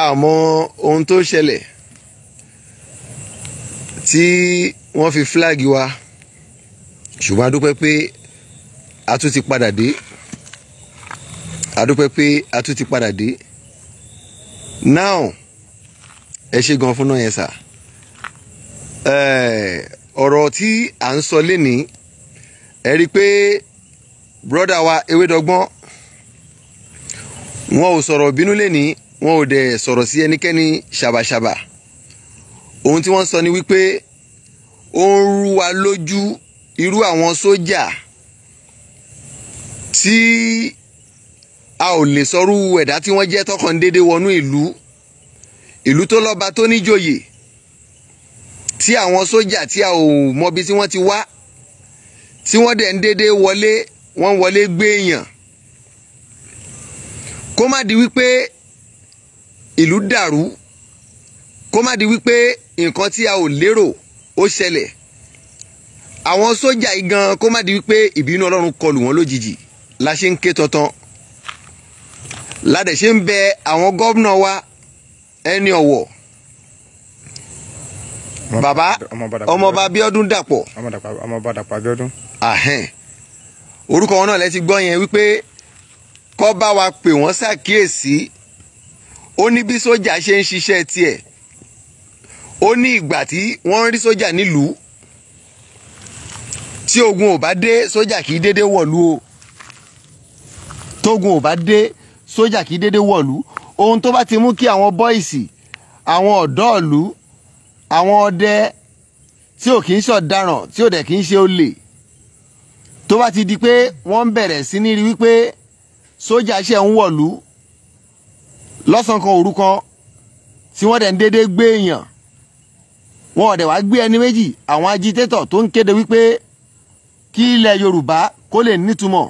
àmọ́ ohun tó ṣẹlẹ̀ tí wọ́n fi flag wa ṣùgbọ́n a dúpẹ́ pé a tún ti padà dé a pé a tún ti padà dé now ẹ ṣe gan fún náà yẹn sà ọ̀rọ̀ tí à ń sọ lénìí ẹ rí i pé brọ́dà wa ewédọ́gbọ́n wọn ò sọ̀rọ̀ bínú lénìí wọn ò dẹ̀ sọ̀rọ̀ sí ẹnikẹ́ni ṣàbàṣàbà ohun tí wọ́n sọ ni wípé ó ń rú wa lójú irú àwọn sójà tí a ò lè sọrú ẹ̀dá tí wọ́n jẹ́ tọkàn déédé wọnú ìlú ìlú tó lọ́ba tó níjòyè tí àwọn sójà tí a ò mọbi tí wọ́n ti wá tí wọ́n dẹ̀ ń déédé wọlé wọ́n wọlé gbé èèyàn kó má di wípé ìlú dàrú kó má di wípé nǹkan tí a ò lérò ó ṣẹlẹ̀ àwọn sójà yìí gan kó má di wípé ìbínú ọlọ́run kọlù wọn lójijì la ṣe ń ké tọ̀tàn ládẹ̀ ṣe ń bẹ àwọn gómìnà wa ẹni ọ̀wọ̀ bàbá ọmọọba Abíọ́dún Dàpọ̀ ọmọọba Dàpọ̀ Abíọ́dún. ahẹ́n orúkọ wọn náà lẹ ti gbọ́ yẹn wípé kó bá wa pè wọ́n ṣàkíyèsí. Si ó ní bí sójà ṣe ń ṣiṣẹ́ tiẹ̀ ó ní ìgbà tí wọ́n rí sójà nílùú tí ogun ò bá dé sójà kì í dédé wọ̀lú o tógun ò bá dé sójà kì í dédé wọ̀lú ohun tó bá ti mú kí àwọn bọ́ìsì àwọn ọ̀dọ́ ìlú àwọn ọdẹ tí ò kì í ṣọ̀daràn tí ò dẹ̀ kì í ṣe olè tó bá ti di pé wọ́n bẹ̀rẹ̀ sí ní rí wípé sójà ṣe ń wọ̀lú lọ́sàn kan orúkọ tí wọ́n dẹ̀ ń déédéé gbé èèyàn wọn ọ̀dẹ̀ wá gbé ẹni méjì àwọn agitétọ̀ tó ń kéde wípé kí ilẹ̀ Yorùbá kó lè nítumọ̀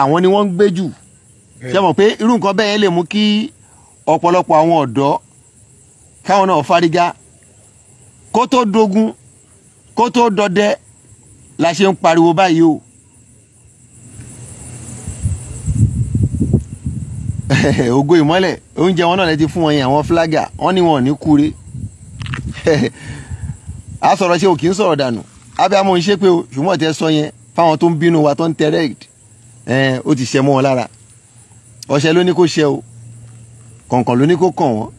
àwọn ni wọ́n ń gbé jù ṣe mọ̀ pé irú nǹkan bẹ́ẹ̀ yẹn lè mú kí ọ̀pọ̀lọpọ̀ àwọn ọ̀dọ́ káwọn náà fárígá kó tó dogun kó tó dọdẹ la ṣe ń pariwo báyìí o. ògo ìmọ́lẹ̀ oúnjẹ wọn náà lè ti fún wọn yẹn àwọn flaga wọn ni wọn ò ní kúre a sọ̀rọ̀ ṣe ò kì í sọ̀rọ̀ dànù abiyamọ ń ṣe pé o ṣùgbọ́n tẹ sọ yẹn fáwọn tó ń bínú wa tó ń tẹrẹ́ẹ̀dì ó ti ṣe mọ́ wọn lára ọṣẹ ló ní kó ṣe o kọ̀ǹkọ̀ ló ní kó kàn wọ́n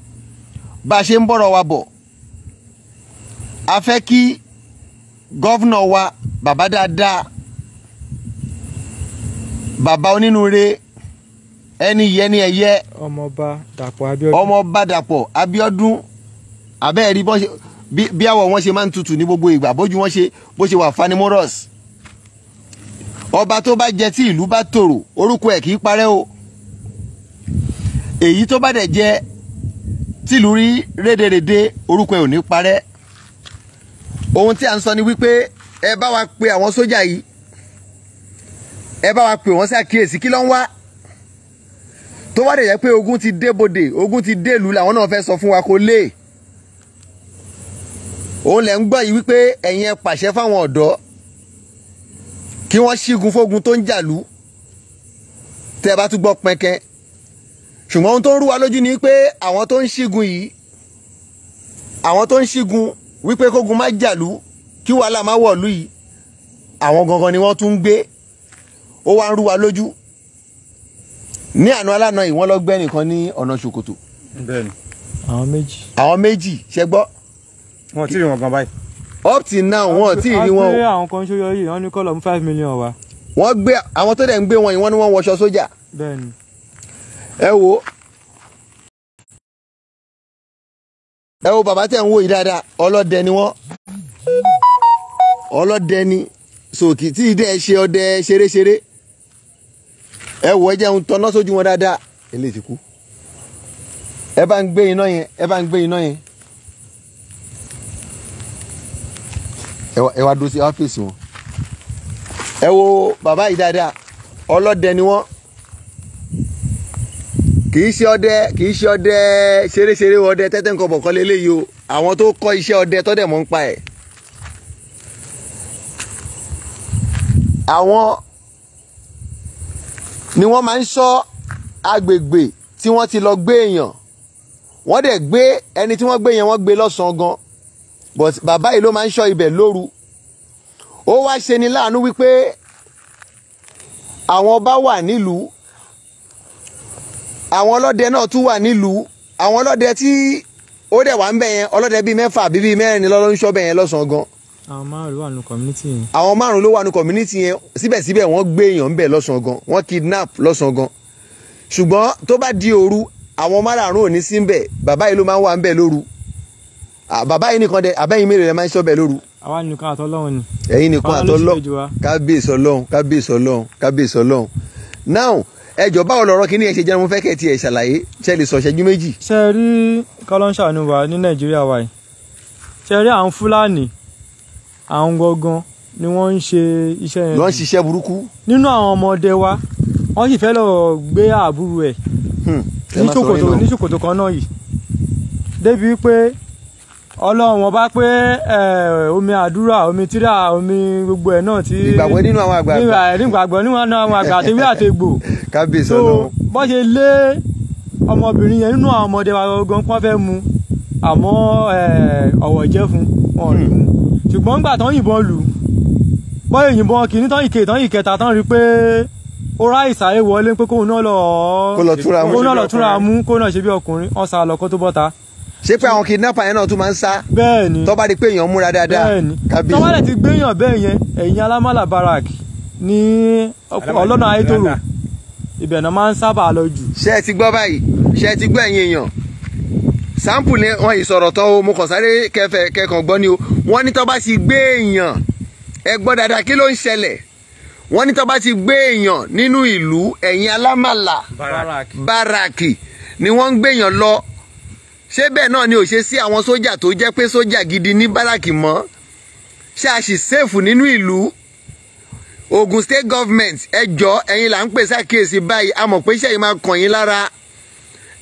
bá a ṣe ń bọ̀rọ̀ wa bọ̀ a fẹ́ kí gọ́vnà wa bàbá dáadáa bàbá onínúure ẹni yẹni ẹyẹ. ọmọọba dàpọ̀ abíọ́dún. ọmọọba dàpọ̀ abíọ́dún abẹ́ẹ̀rí bọ́ ṣe bí àwọ̀ wọn ṣe máa ń tutù ní gbogbo ìgbà bójú wọn ṣe bó ṣe wà fanimorous. ọba tó bá jẹ tí ìlú bá tòrò orúkọ ẹ̀ kì í parẹ́ o. èyí tó bá dẹ̀ jẹ tìlú rí rédèrèdè orúkọ ẹ̀ ò ní parẹ́. ohun tí a ń sọ ni wípé ẹ bá wa pe àwọn sójà yìí ẹ bá wa pe wọn sí àkíyèsí kí ló ń wá tó wá dẹ̀ jẹ́ pé ogun ti dé bodè ogun ti dé ìlú làwọn náà fẹ́ sọ fún wa kó lè òun lẹ̀ ń gbọ́ yìí wípé ẹ̀yin ẹ pàṣẹ fáwọn ọ̀dọ́ kí wọ́n ṣígun fógun tó ń jàlú tẹ́ ẹ bá tún gbọ́ pẹ́kẹ́ ṣùgbọ́n ohun tó ń rú wa lójú ni pé àwọn tó ń ṣígun yìí àwọn tó ń ṣígun wípé kógun má jàlú kí wàhálà má wọ̀lú yìí àwọn gangan ni wọ́n tún ń gbé ó wá ń rú wa lójú ní àná alánà yìí wọ́n lọ gbẹ́ nìkan ní ọ̀nà ṣòkòtò. bẹ́ẹ̀ni. àwọn méjì. àwọn méjì ṣe gbọ́. wọn ò tí ì rí wọn gan báyìí. up till now wọn ò tí ì rí wọn o. a gbé àwọn kan ṣó yìí wọn ní kọlọm five million wa. wọ́n gbé àwọn tó dẹ̀ ń gbé wọn yìí wọ́n ní wọ́n wọṣọ sójà. bẹ́ẹ̀ni. ẹ wo ẹ wo bàbá tẹ̀ ń wò yìí dáadáa ọlọ́dẹ ni wọ́n ọlọ́dẹ ni sòkì dẹ́ ṣe ọdẹ ṣeréṣeré ẹ wọ ẹjẹ ń tọ́ná sójú wọn dáadáa eléyìí ti kú ẹ bá ń gbé iná yẹn ẹ bá ń gbé iná yẹn ẹ wá dúró sí ẹ wá fèsì wọn ẹ wo bàbá yìí dáadáa ọlọ́dẹ ni wọ́n kì í ṣe ọdẹ kì ṣe ọdẹ ṣeréṣeré ọdẹ tẹ́tẹ́ nǹkan bọ̀kan lélẹ́yìí o àwọn tó kọ́ iṣẹ́ ọdẹ tọ́dẹ̀ mọ́ ń pa ẹ̀ àwọn ni wọ́n máa ń ṣọ́ agbègbè tí wọ́n ti lọ gbé èèyàn wọ́n dẹ̀ gbé ẹni tí wọ́n gbé yẹn wọ́n gbé lọ́sàn-án gan but bàbá yìí ló máa ń ṣọ́ ibẹ̀ lóru ó wá ṣe ni láàánú wípé àwọn ọba wà nílùú àwọn ọlọ́dẹ náà tún wà nílùú àwọn ọlọ́dẹ tí ó dẹ̀ wà ń bẹ̀ yẹn ọlọ́dẹ bíi mẹ́fà bíi mẹ́rin lọ́lọ́ ń ṣọ́ bẹ̀ yẹn lọ́sàn-án gan àwọn márùn ló wà nù community yẹn. àwọn márùn ló wà nù community yẹn síbẹ̀síbẹ̀ wọ́n gbé èèyàn ń bẹ̀ lọ́sàn-án gan wọ́n kidnap lọ́sàn-án gan ṣùgbọ́n tó bá di òru àwọn márùn ò ní sí ń bẹ̀ bàbá yìí ló máa ń wà ń bẹ̀ lóru bàbá yìí nìkan dẹ abẹ́yìn mélòó lè máa ń sọ́bẹ̀ lóru. àwa nìkan àtọ́lọ́hún ni. ẹ̀yin nìkan àtọ́lọ́hún kábíyèsí kábíyèsí ọlọ́hún kábíyèsí ọlọ́hún now ẹjọ báwo lọ̀rọ̀ kí ni ẹ ṣe jẹun fẹ́ kẹ tiẹ̀ ṣàlàyé ṣe lè sọ ṣẹ́jú méjì. ṣe rí kọ́lọ́ńṣà ni wà ní nàìjíríà wa yìí ṣe rí àwọn fúlàní àwọn gangan ni wọ́n ń ṣe iṣẹ́ yẹn. wọ́n ń ṣiṣẹ́ burúkú. nínú àwọn ọmọdé wa wọ́n sì fẹ́ lọ gbé àbúrò ẹ̀ hmm, ní ṣòkòtò ní ṣòkòtò kan náà yìí débi pé ọlọ́run ọba pé omi àdúrà omi tírà omi gbogbo ẹ̀ náà ti. ìgbàgbọ́ nínú àwọn àgbààgbà. ìgbàgbọ́ nínú àwọn àgbà àti wí àtegbò. kábíyèsí ọlọ́run. bó lé ọmọbìnrin yẹn nínú àwọn ọmọdé wa gan pọ́n fẹ́ mu àmọ́ ọ̀wọ̀ jẹ́ fún wọn ò ṣùgbọ́n nígbà tán yìnbọn lù bọ́ ìyìnbọn kìíní tán ìkè tán ìkẹta tán rí pé ó ráì sáré wọlé pé kóun náà lọ kó náà lọ túnra mú kó náà ṣe bí ọkùnrin ọ̀sà lọ kó tó bọ́ta ṣé pé àwọn kidnapper yẹn náà tún máa ń sá bẹ́ẹ̀ni tó bá di pé èèyàn múra dáadáa kábíyèsí tó bá dẹ̀ ti gbéyàn bẹ́ẹ̀ yẹn ẹ̀yìn alámàlà barak ní ọlọ́nà ayétòrò ibẹ̀ náà máa ń sábà lọ jù. ṣé ẹ ti gbọ́ báyìí ṣé ẹ ti gbọ́ ẹ̀yin èèyàn sample ni wọn yìí sọ̀rọ̀ tán o mo kàn sáré kẹfẹ kẹkàn gbọ́ ni o wọ́n ní tó bá ti gbé èèyàn ẹ gbọ́ kí ló ń ṣẹlẹ̀ wọ́n ní tó ti gbé èèyàn nínú ìlú ẹ̀yìn alámàlà báràkì ni wọ́n ń gbé èèyàn lọ ṣé bẹ́ẹ̀ náà ni ò ṣe sí àwọn sójà tó jẹ́ pé sójà gidi ní baraki mọ́ ṣé a sì sèfù nínú ìlú Ogun State Government ẹ jọ ẹ̀yin là ń pèsè àkíyèsí báyìí a mọ̀ pé iṣẹ́ yìí máa kàn yín lára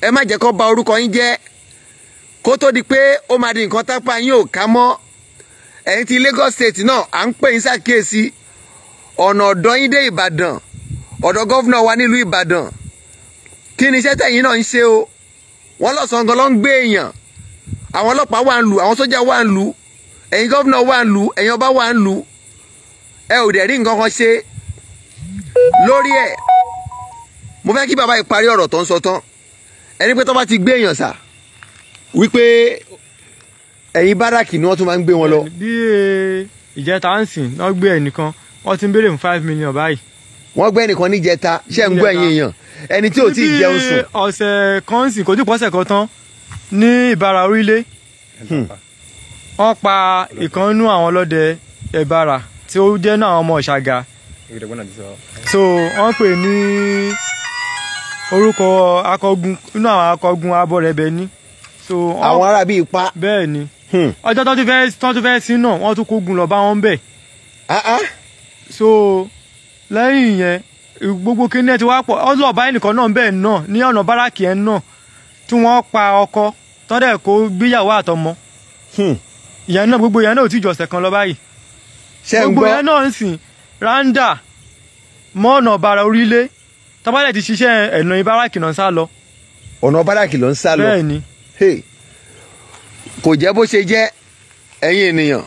ẹ má jẹ́ kó ba orúkọ yín jẹ́ kó tó di pé ó máa di nǹkan tápá yín ò ká mọ́ ẹ̀yin ti Lagos State náà à ń pè yín ṣàkíyèsí ọ̀nà ọ̀dọ́ yín dé Ìbàdàn ọ̀dọ̀ gọ́vnà wa nílùú Ìbàdàn kí ni iṣẹ́ tẹ̀yìn náà ń ṣe o wọ́n lọ́sàn-án gan ló ń gbé èèyàn àwọn ọlọ́pàá wà ń lù àwọn sójà wà ń lù ẹ̀yin gọ́vnà wà ń lù ẹ̀yin ọba wà ń lù ẹ ò dẹ̀ rí nǹkan kan ṣe lórí ẹ̀ mo fẹ́ kí bàbá ìparí ọ̀rọ̀ tó ń sọ tán ẹni pé tó bá ti gbé èèyàn sà wípé ẹ̀yìn báràkì ni wọ́n tún máa ń gbé wọn lọ. bí e, ìjẹta ń sìn náà gbé ẹnìkan wọ́n ti ń béèrè fún five million báyìí. wọ́n gbé ẹnìkan níjẹta ṣé ń gbọ́ ẹ̀yìn èèyàn ẹni tí ò tí ì jẹun sùn. ọ̀sẹ̀ kan sìn kò tí ì pọ́sẹ̀ kan tán ní ìbára orílẹ̀ hmm. wọ́n pa ìkànnú àwọn ọlọ́dẹ ẹ̀bára tí ó jẹ́ náà àwọn ọmọ ọ̀ṣàgà so wọ́n pè ní orúkọ akọgun inú àwọn akọgun abọ́rẹ̀bẹ ní so àwọn ará bíi pa. bẹ́ẹ̀ ni hmm. ọjọ́ tó tún fẹ́ tó tún fẹ́ sí náà wọ́n tún kógun lọ bá wọn bẹ̀. Ah, ah. so lẹ́yìn yẹn gbogbo kíní ẹ̀ ti wá pọ̀ ọlọ́ọ̀bá ẹnìkan náà bẹ́ẹ̀ náà ní ọ̀nà báràkì ẹ̀ náà tí wọ́n pa ọkọ tọ́dẹ̀ kó gbéyàwó àtọmọ. Hmm. ìyẹn náà gbogbo ìyẹn náà ò tí jọ ọ̀sẹ̀ kan lọ báyìí. ṣe ń gbọ́ gbogbo ìyẹn náà ń sìn ráńdà mọ́ ọ̀nà ọ̀bàrà orílẹ̀ tọ́bálẹ̀ ti ṣiṣẹ́ ẹ̀nà ìbáràkì náà sá lọ. ọ̀nà ìbáràkì ló ń sá lọ. bẹ́ẹ̀ ni kò jẹ́ bó ṣe jẹ́ ẹ̀yin ènìyàn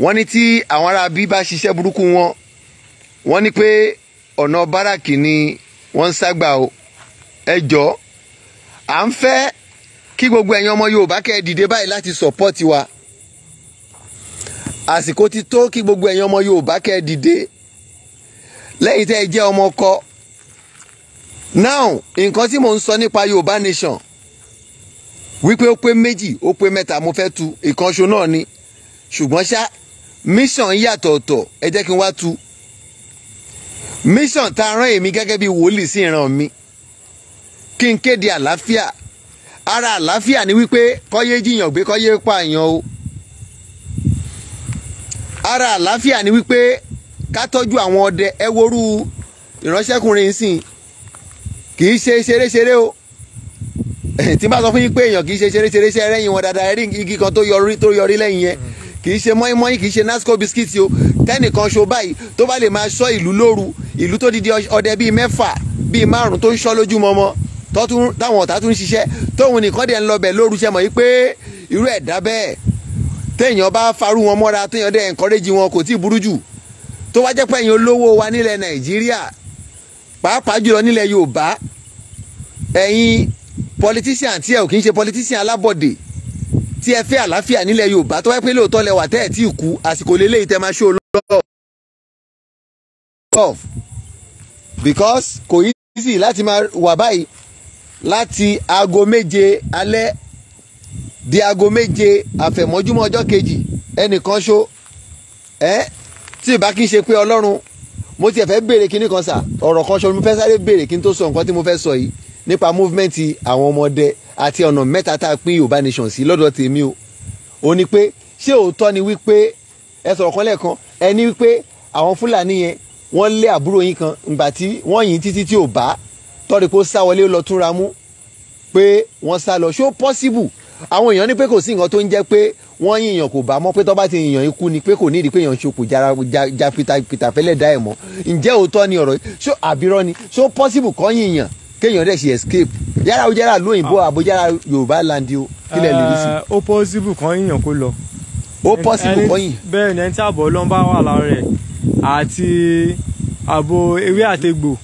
wọ́n ní tí àwọn ará bí bá ṣiṣẹ́ burúkú wọn wọ́n ní pé ọ̀nà báràkì ni wọ́n ń ságbà o ẹ jọ à ń fẹ́ kí gbogbo ẹ̀yin ọmọ Yorùbá kẹ́ ẹ dìde báyìí láti sọ̀pọ́ọ̀tì wa àsìkò ti tó kí gbogbo ẹ̀yin ọmọ Yorùbá kẹ́ ẹ dìde lẹ́yìn tẹ́ ẹ jẹ́ ọmọ kọ́ now nǹkan tí mò ń sọ nípa Yorùbá nation wípé ó pé méjì ó pé mẹ́ta mo fẹ́ tu ìkanṣo náà ni ṣùgbọ́n ṣá mission yàtọ̀ ọ̀tọ̀ ẹ jẹ́ kí n wá tu mission ta rán èmi gẹ́gẹ́ bí wòlíì sí ìran mi kí n kéde àlàáfíà ara àlàáfíà ni wípé kọ́yé jiyàn gbé kọ́yé pààyàn o ara àlàáfíà ni wípé ká tọ́jú àwọn ọdẹ ẹ worú ìránṣẹ́kùnrin sìn kì í ṣe ṣeréṣeré o. tí n bá sọ fún yín pé èèyàn kì í ṣe ṣeréṣeré ṣe ẹrẹ́yìn wọn dáadáa ẹ̀rí igi kan tó yọrí tó yọrí lẹ́yìn yẹn kì í ṣe mọ́ínmọ́ín kì í ṣe nasco bisikíìtì o tẹ́nìkan ṣo báyìí tó bá lè máa ṣọ́ ìlú lóru ìlú tó didi ọdẹ bíi mẹ́fà bíi márùn tó ń ṣọ́ lójúmọmọ táwọn ọ̀tá tún ṣiṣẹ́ tóun nìkan dẹ̀ ń lọ bẹ̀ lóru ṣe mọ̀ yìí pé irú ẹ̀dá bẹ́ẹ̀ téèyàn bá farú wọn mọ́ra téèyàn dẹ̀ encourage wọn kò tí ì burú jù tó wá jẹ́ pé ẹ̀yin olówó wa nílẹ̀ Nàìjíríà pàápàá jùlọ nílẹ̀ Yorùbá ẹ̀yin politician tí ẹ ò kì í ṣe politician alábọ̀dé tí ẹ fẹ́ àlàáfíà nílẹ̀ Yorùbá tó wáyé pé lóòótọ́ lẹ wà tẹ́ ẹ̀ tí ì kú àsìkò lélẹ́yìí tẹ́ máa ṣó lọ́wọ́ because kò yí sí láti máa wà báyìí láti aago méje alẹ́ di aago méje àfẹ̀mọ́júmọ́ ọjọ́ kejì ẹnìkan ṣó ẹ́ tí ìbá kí n ṣe pé ọlọ́run mo tiẹ̀ fẹ́ béèrè kinní kan sà ọ̀rọ̀ kan ṣo mo fẹ́ sáré béèrè kí n tó sọ nǹkan tí mo fẹ́ sọ yìí nípa movement àwọn ọmọdé àti ọ̀nà mẹ́ta tá a pín Yorùbá Nation sí lọ́dọ̀ tèmi o ò ní pé ṣé òótọ́ ni wípé ẹ sọ̀rọ̀ kan lẹ́ẹ̀kan ẹ ní wípé àwọn Fúlàní yẹn wọ́n lé àbúrò yín kan ìgbà tí wọ́n yìn títí tí ò bá tọ́rí pé ó sá wọlé lọ túnra mú pé wọ́n sá lọ ṣó possible àwọn èèyàn ní pé kò sí nǹkan tó ń jẹ́ pé wọ́n yìnyàn kò bá mọ́ pé tọ́ bá ti yìnyàn ikú ni pé kò ní ìdí pé èèyàn ṣokò ja pitafẹ́lẹ́ dá ẹ̀ mọ́ ǹjẹ́ òótọ́ ni ọ̀rọ̀ ṣó àbírọ́ ni ṣó possible kọ́ yìnyàn kéèyàn dẹ̀ ṣe escape yàrá o yàrá lóyìnbó ah. àbò yàrá yorùbá landi o kílẹ̀ lè rí sí. Eh, ó possible kan yíyan kó lọ. ó possible kan yìn. bẹ́ẹ̀ ni ẹni tí àbọ̀ ọlọ́run bá wà lára rẹ̀ àti àbò ewé àtegbò.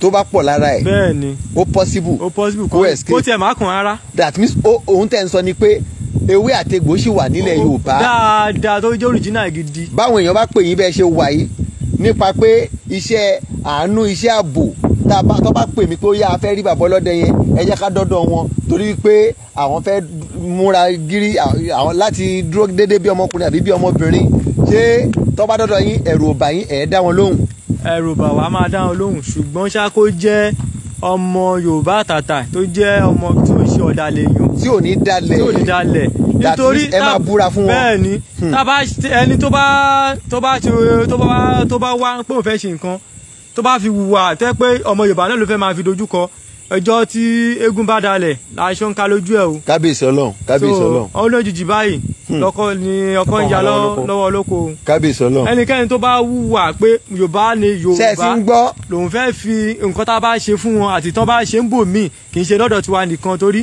tó bá pọ̀ lára ẹ̀. bẹ́ẹ̀ ni ó possible ó possible kó escape kó tiẹ̀ má kàn rárá. that means òun tẹ̀ ń sọ ni pé ewé àtegbò ṣì wà nílẹ̀ yorùbá. dáadáa tó jẹ́ original gidi. báwọn èèyàn bá pè yín bẹ́ẹ̀ ṣe wà yìí nípa pé iṣẹ́ àánú iṣẹ́ ààbò tó bá pè mí pé ó yá a fẹ́ rí bàbá ọlọ́dẹ yẹn ẹ jẹ́ ká dọ́dọ̀ wọn torí pé àwọn fẹ́ múra gírí àwọn láti dúró déédéé bí ọmọkùnrin àbí bí ọmọbìnrin ṣé tó bá dọ́dọ̀ yín ẹ̀rù ò bà yín ẹ̀ dá wọn lóhùn. ẹ̀rù bà wá máa dá wọn lóhùn ṣùgbọ́n ṣá kó jẹ́ ọmọ yorùbá àtàtà tó jẹ́ ọmọ tí ò ṣe ọ̀dàlẹ̀ èèyàn. tí ò ní dalẹ̀ tí ò ní dalẹ̀ nítorí ẹ máa búra tó bá tó bá wá pé òun fẹ́ ṣe nǹkan tó bá fi wùwà tẹ́ pé ọmọ yorùbá náà ló fẹ́ máa fi dojú kọ ọjọ́ tí eégún bá dalẹ̀ láṣọ ń ka lójú ẹ̀ o. kábíyèsí ọlọ́run kábíyèsí ọlọ́run. so olójijì báyìí hmm. lọkọ ni ọkọ ń ya lọ́wọ́ olóko. kábíyèsí ọlọ́run. ẹnikẹ́ni tó bá wùwà pé yorùbá ni yorùbá lòun fẹ́ fi nǹkan tá a bá ṣe fún wọn àti tán bá ṣe ń bò míì kì í ṣe lọ́dọ̀ tiwa nìkan torí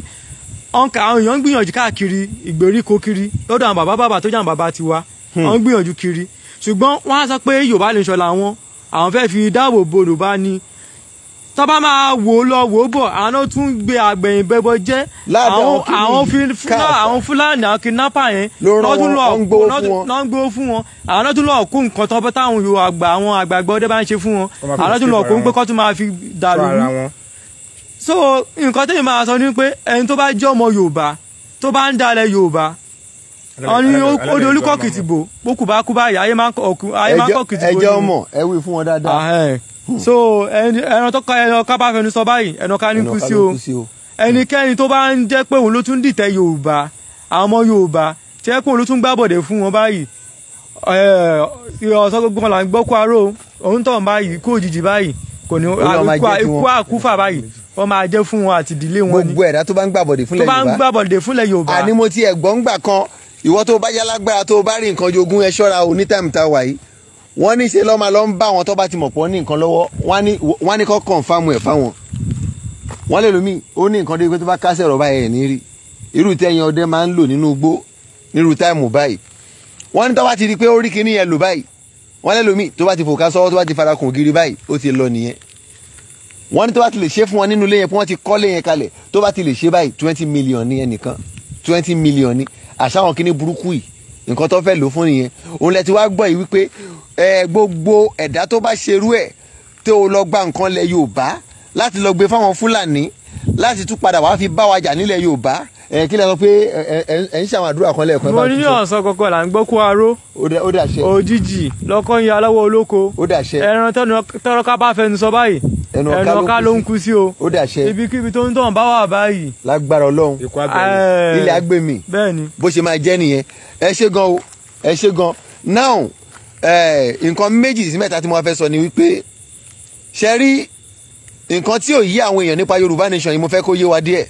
ọ̀nkà àwọn èèyàn ń gbìyànjú káàkiri ìgbèríko kiri lọ́dọ̀ àwọn àwọn fẹ́ fi dáàbò bo Yorùbá ni tọ́ba máa wò lọ wò bọ̀ àwọn tún gbé àgbẹ̀yìn bẹ́bọ jẹ́ àwọn fúlàní àwọn kidnappa yẹn lọ́dún ń gbowó fún wọn àwọn lọ́dún lọ kó nǹkan tọ́bọ́ táwọn yòó àgbà àwọn àgbàgbọ́ ọdẹ bá ń ṣe fún wọn àwọn lọ́dún lọ kó ń pé kọ́ tún máa fi dàrú mú. so nǹkan tẹ́yìn máa sọ ni pé ẹni tó bá jẹ́ ọmọ Yorùbá tó bá ń dalẹ̀ Yorùbá ọ̀nì odò olùkọ́ kìtìbò bókùbá kúbá yà ayé máa ń kọ́ kìtìbò. ẹjẹ ọmọ ẹ wí fún wọn dáadáa. Ah, eh. hmm. so ẹran tó ẹran ká bá fẹnu sọ báyìí ẹran ká ní kú sí o ẹnikẹ́ni tó bá ń jẹ́ pé òun ló tún dìtẹ̀ yorùbá àwọn ọmọ yorùbá tí ẹ pé òun ló tún gbàbọ̀dẹ̀ fún wọn báyìí eh, ọ̀sán gbogbo là ń gbọ́ kwaro òun tọ̀ báyìí kú òjijì báyìí kò ní ikú àkúfà báyìí wọ́n máa jẹ́ fún wọn àti ìdílé wọn ni gbogbo ẹ̀dá tó bá ń gbàbọ̀dẹ̀ fúnlẹ̀ yorùbá àní mo ti ẹ̀ gbà kan ìwọ tó bá yálágbára tó bá rí nǹkan jogún ẹ ṣọ́ra o ní táìmù tá a wà yìí wọ́n ní ṣe lọ́ọ́ máa lọ́ọ́ ń bá àwọn tó bá ti mọ̀ pọ̀ ní nǹkan lọ́wọ́ wọ́n ní kọ́ kọ̀ǹfàmù ẹ̀ fáwọn wọ́n lè lómi ó ní nǹkan dé pé tó bá kásẹ̀ ọ̀rọ̀ báyìí ẹ̀ ní rí irú tẹ́yìn ọdẹ máa ń lò nínú igbó nírú táìmù báyìí wọ́n ní tó bá ti rí pé ó rí kinní yẹn lò báyìí wọ́n lè lómi tó bá ti fòkà sọ́wọ́ tó bá ti farakùn ògiri báyìí ó ti lọ nìyẹn wọ́n ní tó bá ti lè ṣe fún wọn nínú ilé yẹn pé wọ́n ti kọ́ lé yẹn kalẹ̀ tó bá ti lè ṣe báyìí twenty million ní ẹnìkan twenty million ni àṣàwọn kíní burúkú yìí nǹkan tó fẹ́ lò fún nìyẹn òun lẹ ti wá gbọ́ yìí wípé ẹ gbogbo ẹ̀dá tó bá ṣerú ẹ̀ tó o lọ gba nǹkan lẹ Yorùbá láti lọ gbé fáwọn Fúlàní láti tún padà wàá fi bá wa jà nílẹ̀ Yorùbá ẹ kí lè sọ pé ẹ ń ṣàwọn àdúrà kan lẹ́ẹ̀kan. mo ní ọ̀sán kankan là ń gbọ́ kó aró. ó dàṣẹ. òjijì lọ́kàn yẹ aláwọ̀ olóko. ó dàṣẹ. ẹran tọ́lọ́ká bá fẹnu sọ báyìí. ẹnu ọ̀ká ló ń kú sí o. ó dàṣẹ. ibikíbi tó ń tàn bá wà báyìí. lágbára Ọlọ́run ilé agbèmí. bẹ́ẹ̀ni. bó ṣe máa jẹ́ nìyẹn ẹ ṣe gan o ẹ ṣe gan now nǹkan méjì sí mẹ́ta tí mo fẹ́ sọ ni wípé ṣe rí nǹkan tí ò yí àwọn èèyàn